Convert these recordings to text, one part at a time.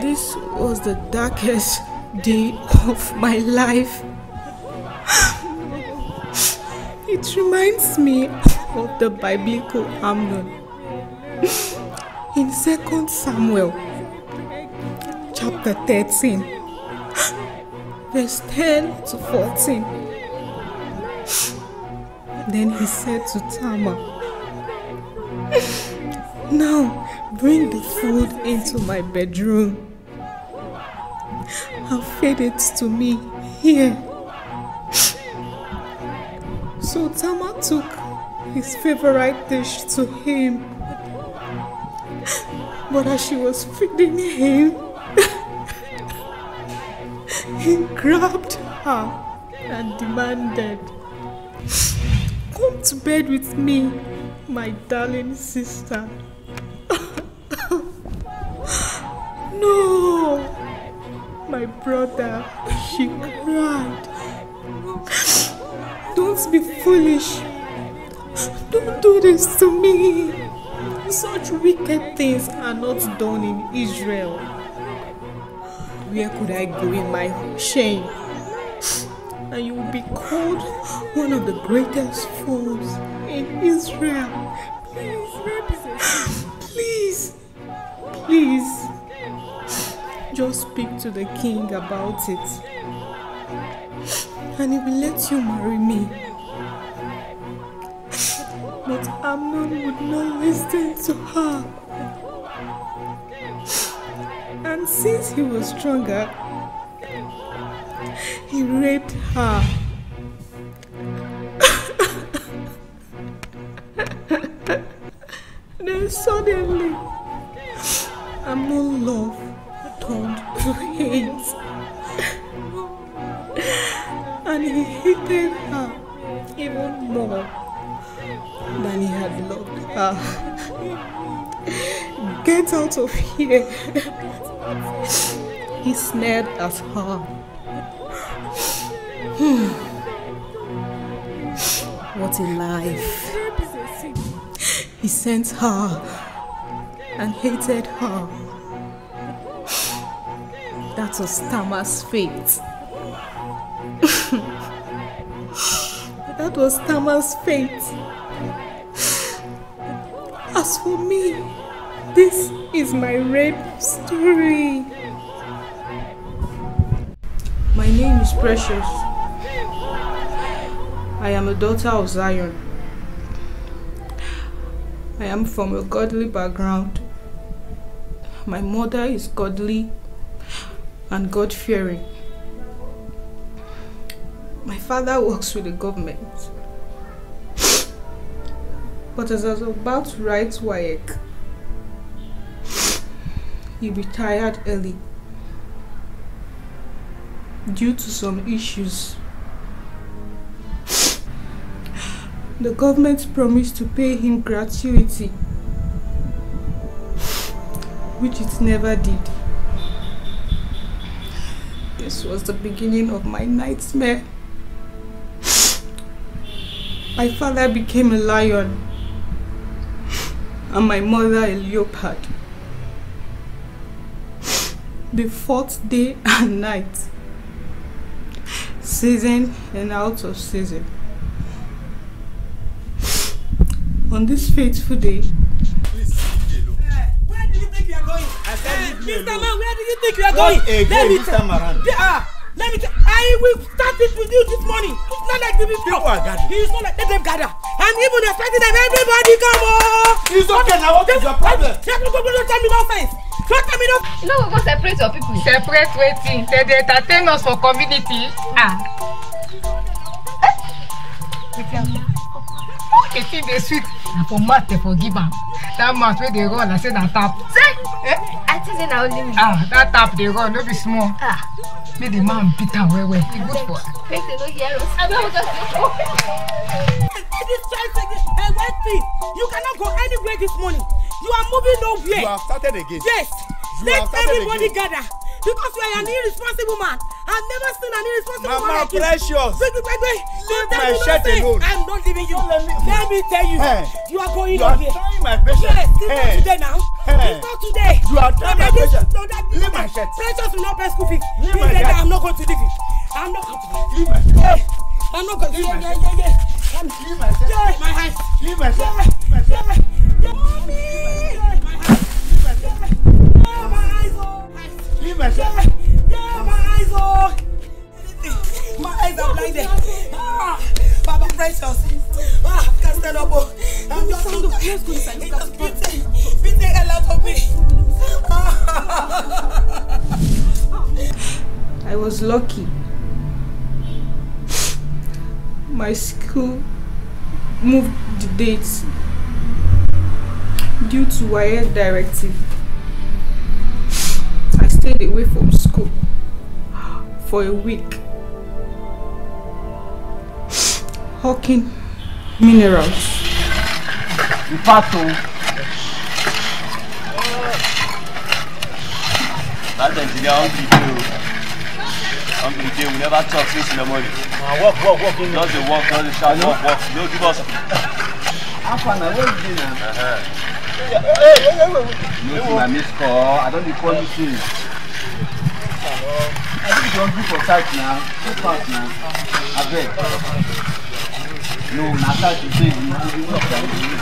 This was the darkest day of my life. reminds me of the biblical Amnon in 2 Samuel chapter 13, verse 10 to 14. Then he said to Tamar, Now bring the food into my bedroom and feed it to me here so Tama took his favorite dish to him. But as she was feeding him, he grabbed her and demanded, Come to bed with me, my darling sister. no, my brother, she cried. Don't be foolish. Don't do this to me. Such wicked things are not done in Israel. Where could I go in my shame? And you will be called one of the greatest fools in Israel. Please, please, please. Just speak to the king about it and he will let you marry me. But Amnon would not listen to her. And since he was stronger, he raped her. then suddenly, Amnon loved hated her even more than he had loved her. Ah. Get out of here. he snared at her. what a life. He sent her and hated her. That was Tama's fate. That was Tama's fate. As for me, this is my rape story. My name is Precious. I am a daughter of Zion. I am from a godly background. My mother is godly and God-fearing. My father works with the government. But as I was about to write WAEC, he retired early due to some issues. The government promised to pay him gratuity, which it never did. This was the beginning of my nightmare. My father became a lion and my mother a leopard. They fought day and night, season and out of season. On this fateful day, eh, Mr. Man, where do you think you are going? again Let me this time Ah, Let me tell I will start it with you this morning. It's not like the people are gathering. It's not like let them gather. I'm even expecting them. Everybody come on. Oh. It's okay now. What is your problem? Don't tell me nonsense. Don't tell me no. No, we go separate your people. Separate waiting. They dey entertain us for community. Ah. Eh? Okay, see the sweet. Na for mouth they forgive am. That mouth wey dey run I say na tap. Say. Eh? thing na only me. ah that tap dey run no be small. ah make the man beat am well well e good for am. make they no hear us abi we just dey go. this child say hey wait please. you cannot go anywhere this morning you are moving nowhere. you have started again. yes you let everybody again. gather because you are an irresponsible man. I've never seen an irresponsible Mama man like you. Mama precious. Leave my shirt alone. I'm not leaving you. Let me, let me tell you. Hey. You are going you are trying my precious. Yes, it's hey. not today now. Hey. It's not today. You are trying my precious. No, leave my shirt. Precious will not pay school fees. Leave my shirt. I'm not going to leave it. I'm not going to leave it. Leave my shirt. Hey. I'm not going to leave it. Yeah, yeah, yeah. Leave my shirt. Yeah. My hands. Leave my shirt. Leave my shirt. Yeah. Yeah. Mommy. Leave my hands. leave my shirt. Yeah, my eyes are. My eyes are blinded. Ah, Baba precious. Ah, can't stand up. I'm just so. Let's go inside. Look at the beating hell out of me. Ah. I was lucky. My school moved the dates due to wire directive stayed away from school for a week. Hawking minerals. In fact, Bad engineer, hungry day. Hungry day, we never talk since in the morning. Uh, walk, walk, walk. In the walk, Does the shout, walk, walk. No, give us. Half an hour, what is it now? No, uh-huh. see my miss call. I don't recall you since don do for site na go pass na abeg no not that you say you go do work and you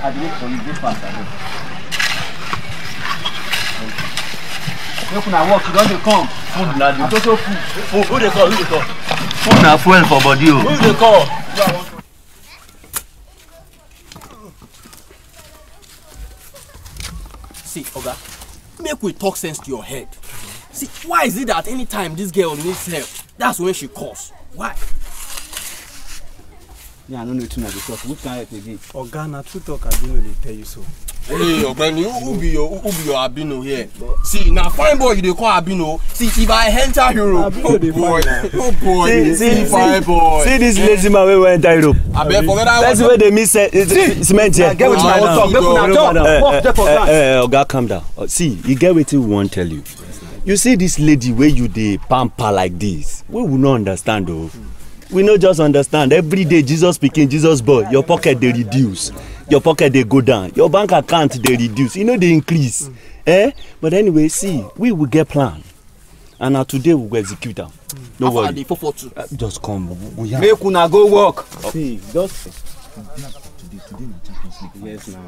i do it for you go pass abeg make una work you don dey come food lad. the na so food food who they call who they call food na fuel for body o oh. who they call. See, Oga, make we talk sense to your head. See, why is it that anytime this girl needs help, that's when she calls? Why? Yeah, I don't know too much because which kind of thing Oga, na true talk I don't really tell you so. Hey, Ogbeni, who, who be your who be your Abino here? See, now fine boy you dey call Abino. See, if I enter Europe, oh, eh? oh boy, oh boy, see, see, see fine boy. See this lazy man where we enter Europe. Abeg forget that. That's where they miss eh, eh, cement here. Get wetin I wan talk. Make una talk. Work talk. for ground. Oga, calm down. Oh, see, you get wetin we won't tell you. You see this lady where you dey pamper like this, we will not understand o. Oh. We not just understand. Every day Jesus speaking, Jesus boy, your pocket dey reduce your pocket dey go down your bank account dey reduce e no dey increase mm. eh but anyway see we we get plan and na today we go execute am mm. no worry after the four four two uh, just come we yarn make una go work see just today today na champions league yes na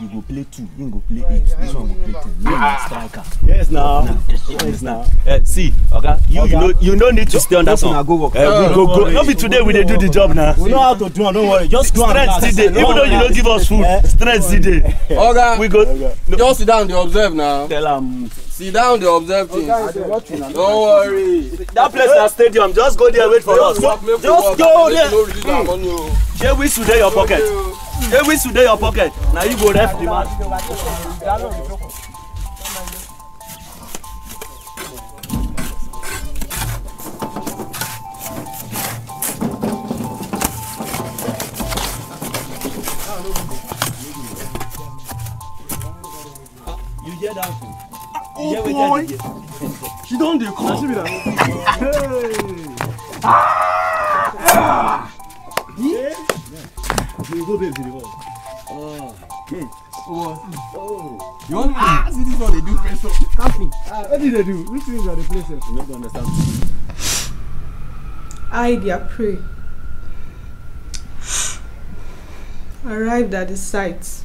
you go play two You go play eight this one go play ten me na ah. striker. yes na yes na. Uh, eh, see oga you you no you no need to stay on that one. Uh, we go go no be today we dey do the job na. we know how to do am no worry just do am now. strength still dey even though you no give us food strength still dey. oga we go just sit down dey observe na. tell am sit down dey observe things okay, no worry that place na stadium just go there wait for us just go there shey oh. hmm. whistle dey your pocket. Oh. Hey, today your pocket? Now you go ref the man. You hear that? Oh boy! She don't do it. Hey! Ah! You go Oh. Oh. Oh. ah, see this one they do press up. Happy. what did they do? Which things are the places? You don't understand. I their prey. Arrived at the site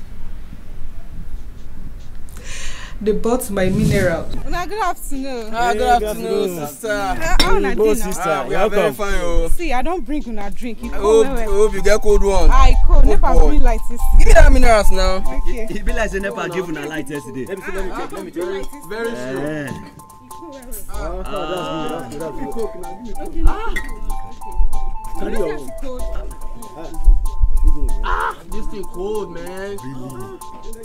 they bought my mineral. Una good afternoon. Ah, good afternoon, sister. How sister. dey now? Ah, we are very fine o. Oh. See, I don't bring una drink. E I well well. Hope you get cold one. I cold. Nepa bring light yesterday. Give me that minerals now. Okay. E be like say Nepa give una light yesterday. Let me see, let me check, let me check. Very sure. Ah, ah, that's good, that's good, that's good. Ah. Carry your own. Ah still cold, man. Really?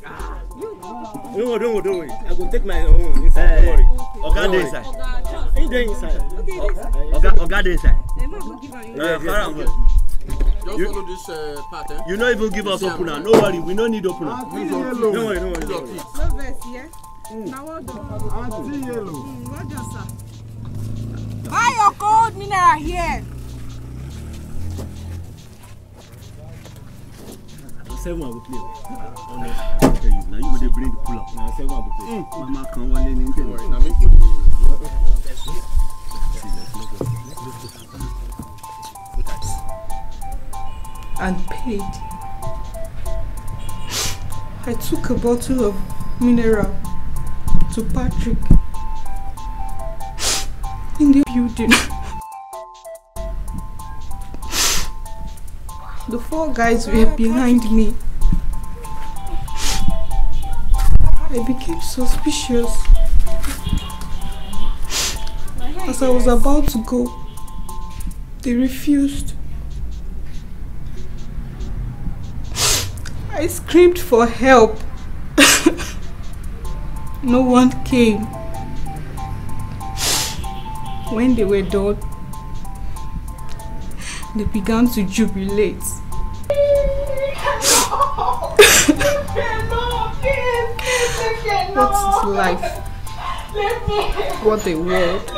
Ah. Don't worry, don't worry, don't worry. I will take my own inside. Hey. Don't worry. Oh, Oga dey inside. Oga dey inside. Oga Oga dey inside. No, far away. Just you, follow this uh, part. Eh? You not even give us opener. No worry, we no need opener. Don't worry, don't worry. No verse, yeah? Hmm. Now what done? Auntie Yellow. Mm, what done, sir? Buy your cold mineral here. seven I play. Now you bring the pull up. seven I play. And paid. I took a bottle of mineral to Patrick in the building. Four guys were behind me. I became suspicious. As I was about to go, they refused. I screamed for help. no one came. When they were done, they began to jubilate. life. What a world.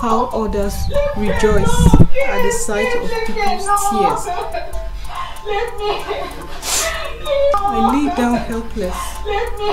How others rejoice at the sight of people's tears. I lay down helpless. Let me.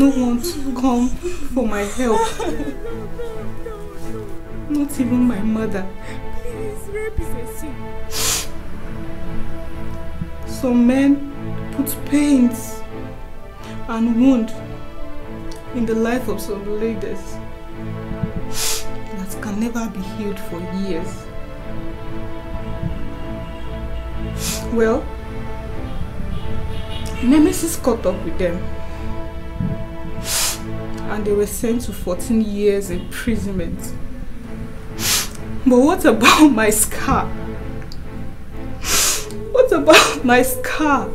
no one to come for my help. Not even my mother. Please, rape is a sin. Some men put pains and wound in the life of some ladies that can never be healed for years. Well, Nemesis caught up with them and they were sent to 14 years imprisonment. But what about my scar? What about my scar?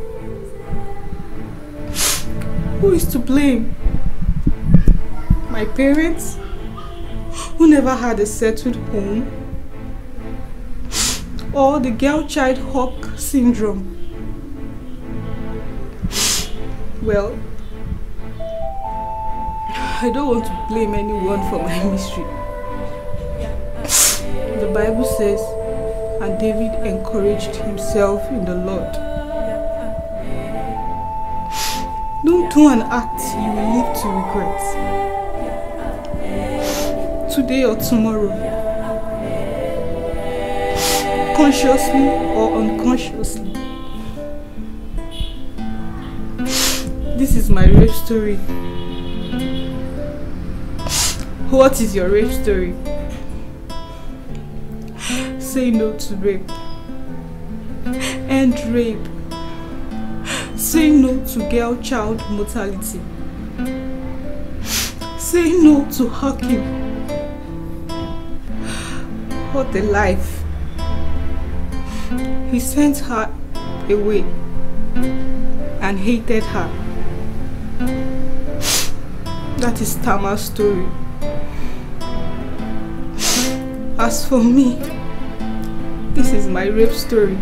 Who is to blame? My parents? Who never had a settled home? Or the girl child hawk syndrome? Well, I don't want to blame anyone for my misery. The Bible says, and David encouraged himself in the Lord. Don't do an act you will live to regret. Today or tomorrow. Consciously or unconsciously. This is my real story. What is your rape story? Say no to rape. End rape. Say no to girl child mortality. Say no to hacking. What a life. He sent her away and hated her. That is Tama's story. As for me, this is my rape story.